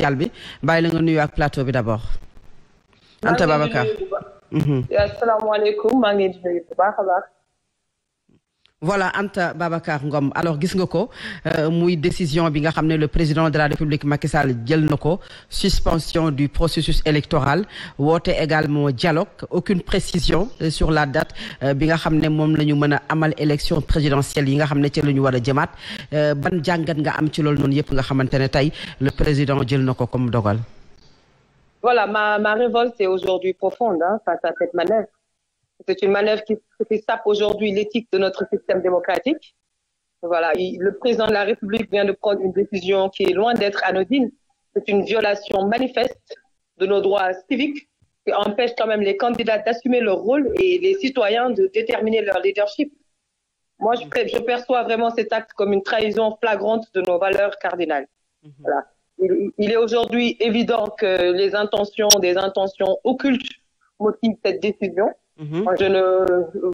spécial bi bàyyi la nga nuyu ak plateau bi d'abord. Anta Babacar. Mhm. asalaamaaleykum maa ngi leen di nuyu baax a voilà Anta Babacar Ngom alors gis nga ko euh, muy décision bi nga xam ne le président de la République Macky Sall jël na ko suspension du processus électoral woote également dialogue aucune précision euh, sur la date euh, bi nga xam ne moom la ñu mën a amal élection présidentielle yi nga xam ne ci la ñu war a jëmaat ban jàngat nga am ci lool noonu yëpp nga xamante ne tey le président jël na ko comme dogal. voilà ma révolte est aujourd'hui profonde face à cette manœuvre. C'est une manœuvre qui, sape aujourd'hui l'éthique de notre système démocratique. le président de la République vient de prendre une décision qui est loin d'être anodine. C'est une violation manifeste de nos droits civiques qui empêche quand même les candidats d'assumer leur rôle et les citoyens de déterminer leur leadership. je, perçois vraiment cet acte comme une trahison flagrante de nos valeurs cardinales. Mm-hmm. Il, est aujourd'hui évident que les intentions des intentions Mmh. Moi,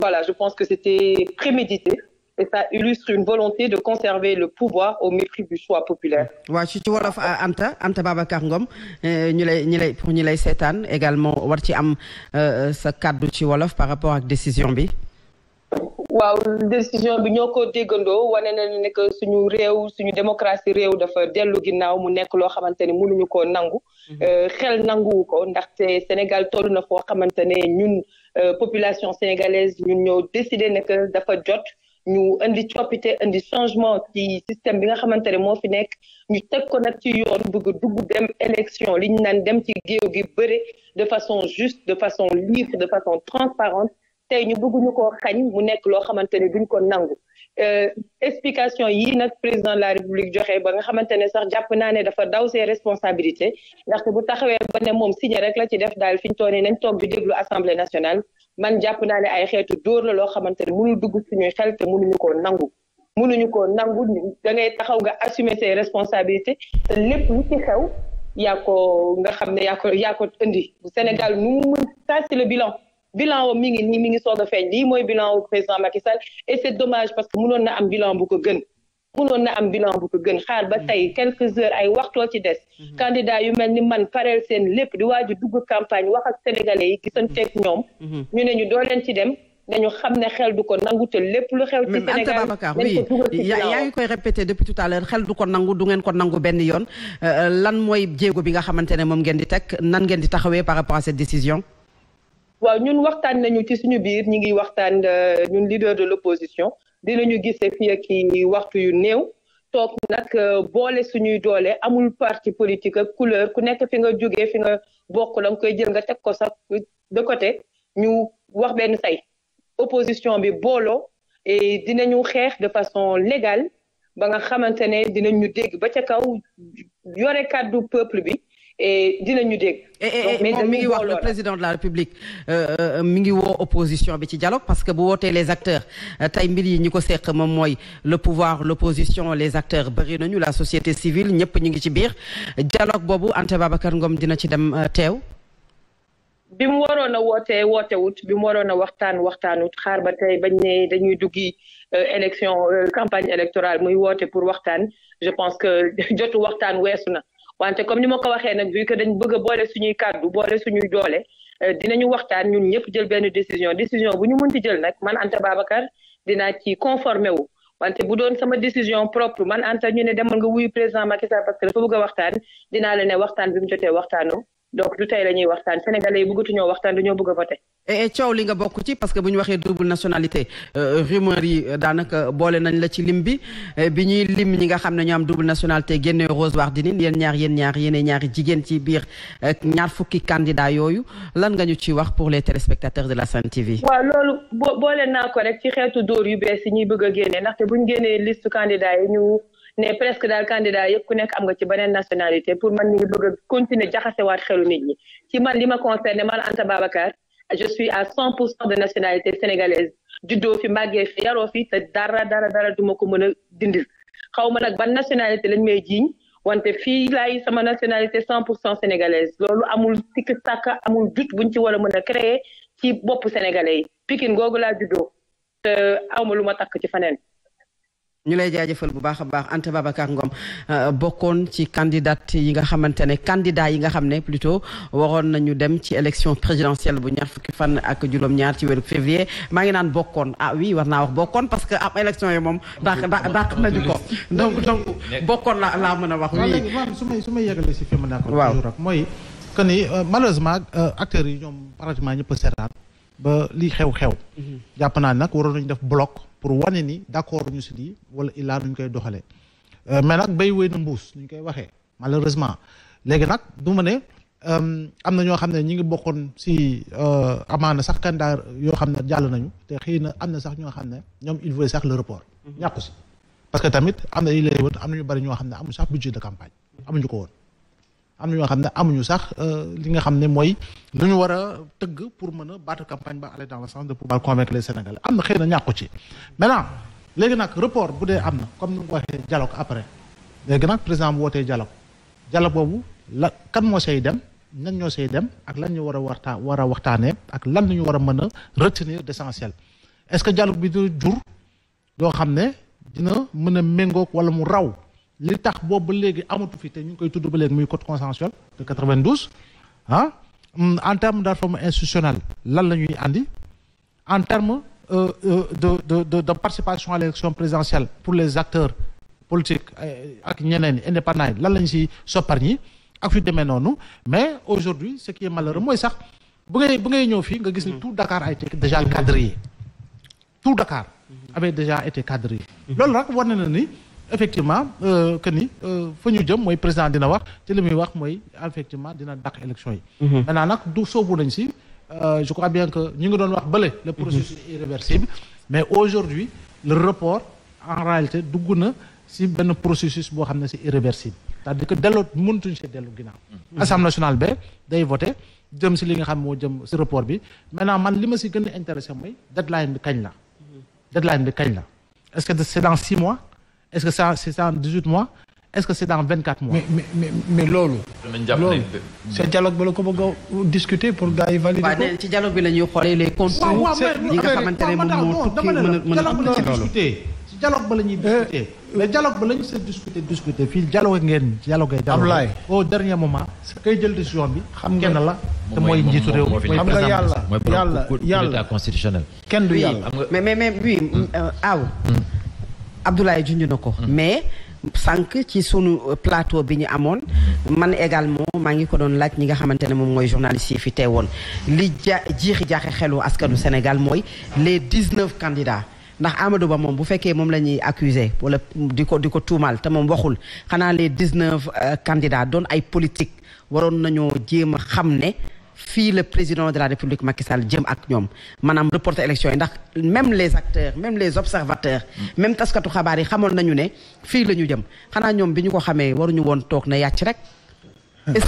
voilà, je pense que c'était prémédité. Et ça illustre une volonté de conserver le pouvoir au mépris du choix populaire. waaw ci ci euh, Anta Anta Babacar euh, ñu lay ñu lay pour ñu lay seetaan également war ci am euh, sa kàddu ci wolof par rapport ak décision bi. waaw décision bi ñoo ko déggandoo wane na ne que suñu réew suñu démocratie réew dafa dellu ginnaaw mu nekk loo xamante ne mënuñu koo nangu. Mhm. Euh, xel nanguwu ko ndaxte Sénégal toll na foo xamante ne ñun euh, population sénégalaise ñun ñoo décidé ne que dafa jot. ñu indi coppite indi changement ci système bi nga xamante ne moo fi nekk ñu teg ko nag ci yoon bëgg dugg dem élection li ñu naan dem ci géew gi bëre de façon juste de façon libre de façon transparente tey ñu bëgguñu koo xañ mu nekk loo xamante ne duñ ko nangu euh, explication yi nag président de la république joxe ba nga xamante ne sax jàpp naa ne dafa daw see responsabilité ndaxte bu taxawee ba ne moom signé rek la ci def daal fi ñu toog nañ toog di déglu assemblée nationale man jàpp naa ne ay xeetu dóor la loo xamante ne mënul dugg suñuy xel te ñu koo nangu. mënuñu koo nangu da ngay taxaw nga assumer ses responsabilité te lépp lu ci xew yaa ko nga xam ne yaa ko indi Sénégal mu mën ça bilan wam mi ngi nii mi ngi soog a feeñ lii mooy bilan wu président Macky Sall et c'est dommage parce que mënoon na am bilan bu ko gën mënoon na am bilan bu ko gën xaar ba tey mm-hmm. quelques heures ay waxtoo ci des mm-hmm. candidat yu mel ni man pareel seen lépp di waaju dugg campagne wax ak sénégalais yi gisanteeg mm-hmm. ñoom ñu ne ñu doo leen ci dem dañu xam ne xel du ko nangu te lépp lu xew. ci Sénégal Anta yaa ngi koy répété depuis tout à l'heure xel du ko nangu du ngeen ko nangu benn yoon euh, euh, lan mooy jéego bi nga xamante ne moom ngeen di teg nan ngeen di taxawee par rapport décision. waaw ñun waxtaan nañu ci suñu biir ñi ngi waxtaan euh, ñun leader de l'opposition dinañu gisee fii ak i waxtu yu néew toog nag euh, boole suñuy doolee amul parti politique ak couleur ku nekk fi nga jógee fi nga bokk la nga koy jël nga teg ko sax de côté ñu wax benn say opposition bi booloo dina dinañu xeex de façon légale ba nga xamante ne ñu dégg ba ca kaw yore kàddu peuple bi dinañu ñu moom mi ngi wax la président de la république euh, euh, mi ngi wo opposition bi ci dialogue parce que bu wootee les acteurs euh, tey mbir yi ñi ko seq moom mooy le pouvoir l' opposition les acteurs bëri nañu la société civile ñëpp ñu ngi ci biir dialogue boobu baba Babacar Ngom dina ci dem teew. bi mu waroon a wootee wootewut bi mu waroon a waxtaan waxtaanut xaar ba tey bañ ne dañuy duggi élection campagne électorale muy woote pour waxtaan je pense que jotu waxtaan weesu na. wante comme ni ma ko waxee nag vu que dañ bëgg a boole suñuy kàddu boole suñuy doole euh, dinañu waxtaan ñun ñëpp jël benn décision décision bu ñu munti jël nag man Anta Babacar dinaa ci conformé wu wante bu doon sama décision propre man Anta ñu ne demal nga wuyu président Macky Sall parce que dafa bëgg waxtaan dinaa la ne waxtaan bi mu jotee waxtaanu donc du tey la ñuy waxtaan sénégalais yi bëggatuñoo waxtaan dañoo bëgg a voté. et eh, eh, coow li nga bokk ci parce que bu waxee double nationalité euh, rumeur yi euh, daanaka boole nañ la ci lim bi eh, bi ñuy lim ñi nga xam ne ñoo am nationalité génne Rose Wardini yéen ñaar yéen ñaar yéen ñaari jigéen ci biir euh, ñaar fukki candidat yooyu lan nga ñu ci wax pour les téléspectateurs de la Sen TV. waaw loolu boole naa ko rek ci xeetu dóor yu bees yi ñuy bëgg a génne ndaxte ne presque daal candidat yëpp ku nekk am nga ci beneen nationalité pour man mi ngi bëgg a continuer jaxasewaat xelu nit ñi ci man li ma concerné man Anta Babacar je suis à cent pour cent de nationalité sénégalaise juddoo fi màggee fi yaroo fi te dara dara dara duma ko mën a dindil xaw ma nag ban nationalité lañ may jiiñ wante fii laay sama nationalité cent pour cent sénégalaise loolu amul sikk sàkk amul jut buñ ci wala a créer ci bopp sénégalais yi Pikine googu laa juddoo te awma ma takk ci faneen ñu lay jaajëfal bu baax a baax Anta Babacar Ngom euh, bokkoon ci candidate yi nga xamante ne candidat yi nga xam ne plutôt waroon nañu dem ci élection présidentielle bu ñaar fukki fan ak juróom-ñaar ci weeru février maa ngi naan bokkoon ah oui war naa wax bokkoon parce que am élection yi moom dàq dàq nañu ko donc donc bokkoon la laa mën a wax oui su may su may yegale si fi ma nekkoon waaw mooy que ni euh, euh, acteurs yi ñoom pratiquement ñëpp a seetaan ba li xew-xew mhm. jàpp naa nag waroon nañu def bloc pour wane ni d' accord ñu si lii wala illaa nuñ koy doxalee euh, mais nag béy wéy na mbuus nuñ koy waxee malheureusement léegi nag du ma ne euh, am na ñoo xam ne ñi ngi bokkoon si euh, amaana sax kandaar yoo xam ne jàll nañu te xëy na am na sax ñoo xam ne ñoom il sax la report mhm. ñàkku si parce que tamit am na yi woon am na ñu bari ñoo xam ne amul sax budget de campagne mhm. amuñu ko woon am na ñoo xam ne amuñu sax euh, li nga xam ne mooy lu ñu war a tëgg pour mën a battre campagne ba aller dans le sens de pouvoir convaincre les Sénégalais am na xëy na ci maintenant léegi nag report bu dee am na comme ni nga ko waxee dialogue après léegi nag président bu wootee dialogue dialogue boobu la kan moo say dem ñan ñoo say dem ak lan ñu war a waxtaa war a waxtaanee ak lan ñu war a mën a retenir d'essentiel est-ce que dialogue bi dina jur loo xam ne dina mën a méngoog wala mu raw li tax boobu ba léegi amatu fi te ñu ngi koy tudd ba léegi muy code consensuel de ah, mm, en terme de réforme institutionnelle lan la ñuy àndi en terme euh, euh, de de de de participation à l' présidentielle pour les acteurs politiques euh, ak ñeneen indépendants yi lan lañ si soppar ñi ak yu demee noonu mais aujourd'hui ce qui est malheureux mooy sax bu ngay bu ngay ñëw fii nga gis ni mm-hmm. tout Dakar a été déjà cadré tout Dakar mm-hmm. avait déjà été cadré mm-hmm. loolu rek war na ni effectivement euh, que ni euh, fa ñu jëm mooy président dina wax te li muy wax mooy effectivement dina dàq élection yi. Mhm. maintenant nag du soobu nañ si euh, je crois bien que ñu ngi doon wax bële. le mhm. processus est irréversible mais aujourd'hui le report en réalité dugg na si benn processus boo xam ne c'est irréversible ta à dire que delloo mëntuñ see dellu ginnaaw. Mhm. assemblée nationale ba day voté jëm si li nga xam moo jëm si report bi maintenant man li ma si gën a intéressé mooy deadline bi kañ la. deadline bi kañ la est-ce que c'est est-ce que ça c'est dans 18 mois est-ce que c'est dans 24 mois. mais loolu. loolu ce dialogue ba la ko bëgg a discuter pour gars yi valider ci dialogue bi la ñuy xoolee les comptes. ñi nga xamante ne moom moo tukki mën a mën a discuter. ci dialogue ba la ñuy discuter. Euh, mais dialogue ba la ñu se discuter discuter fii dialogue ngeen dialogue. Ablaye au dernier moment. kay jël décision bi. xam ngeen la te mooy njiitu réew mi. xam nga yàlla yàlla yàlla constitutionnel. kenn du yàlla mais mais mais oui hmm. euh, euh, aw. Hmm. Abdoulaye junj na ko. Mm-hmm. mais sànq ci sunu euh, plateau bi ñu amoon. Mm-hmm. man également maa ngi ko doon laaj ñi nga xamante ne moom mooy journaliste yi fi teewoon li ja jiixi jaaxe xelu askanu Sénégal mooy les dix neuf candidats. ndax Amadou Ba moom bu fekkee moom la ñuy accusé wala di ko di ko tuumaal te moom waxul xanaa les dix neuf euh, candidats doon ay politique waroon nañoo jéem a xam ne. fii la président de la république Macky Sall jëm ak ñoom maanaam reporter élection yi ndax même les acteurs même les observateurs mm. même taskatu xabaar yi xamoon nañu ne fi la ñu jëm xanaa ñoom bi ñu ko xamee waruñu woon toog na yàcc rek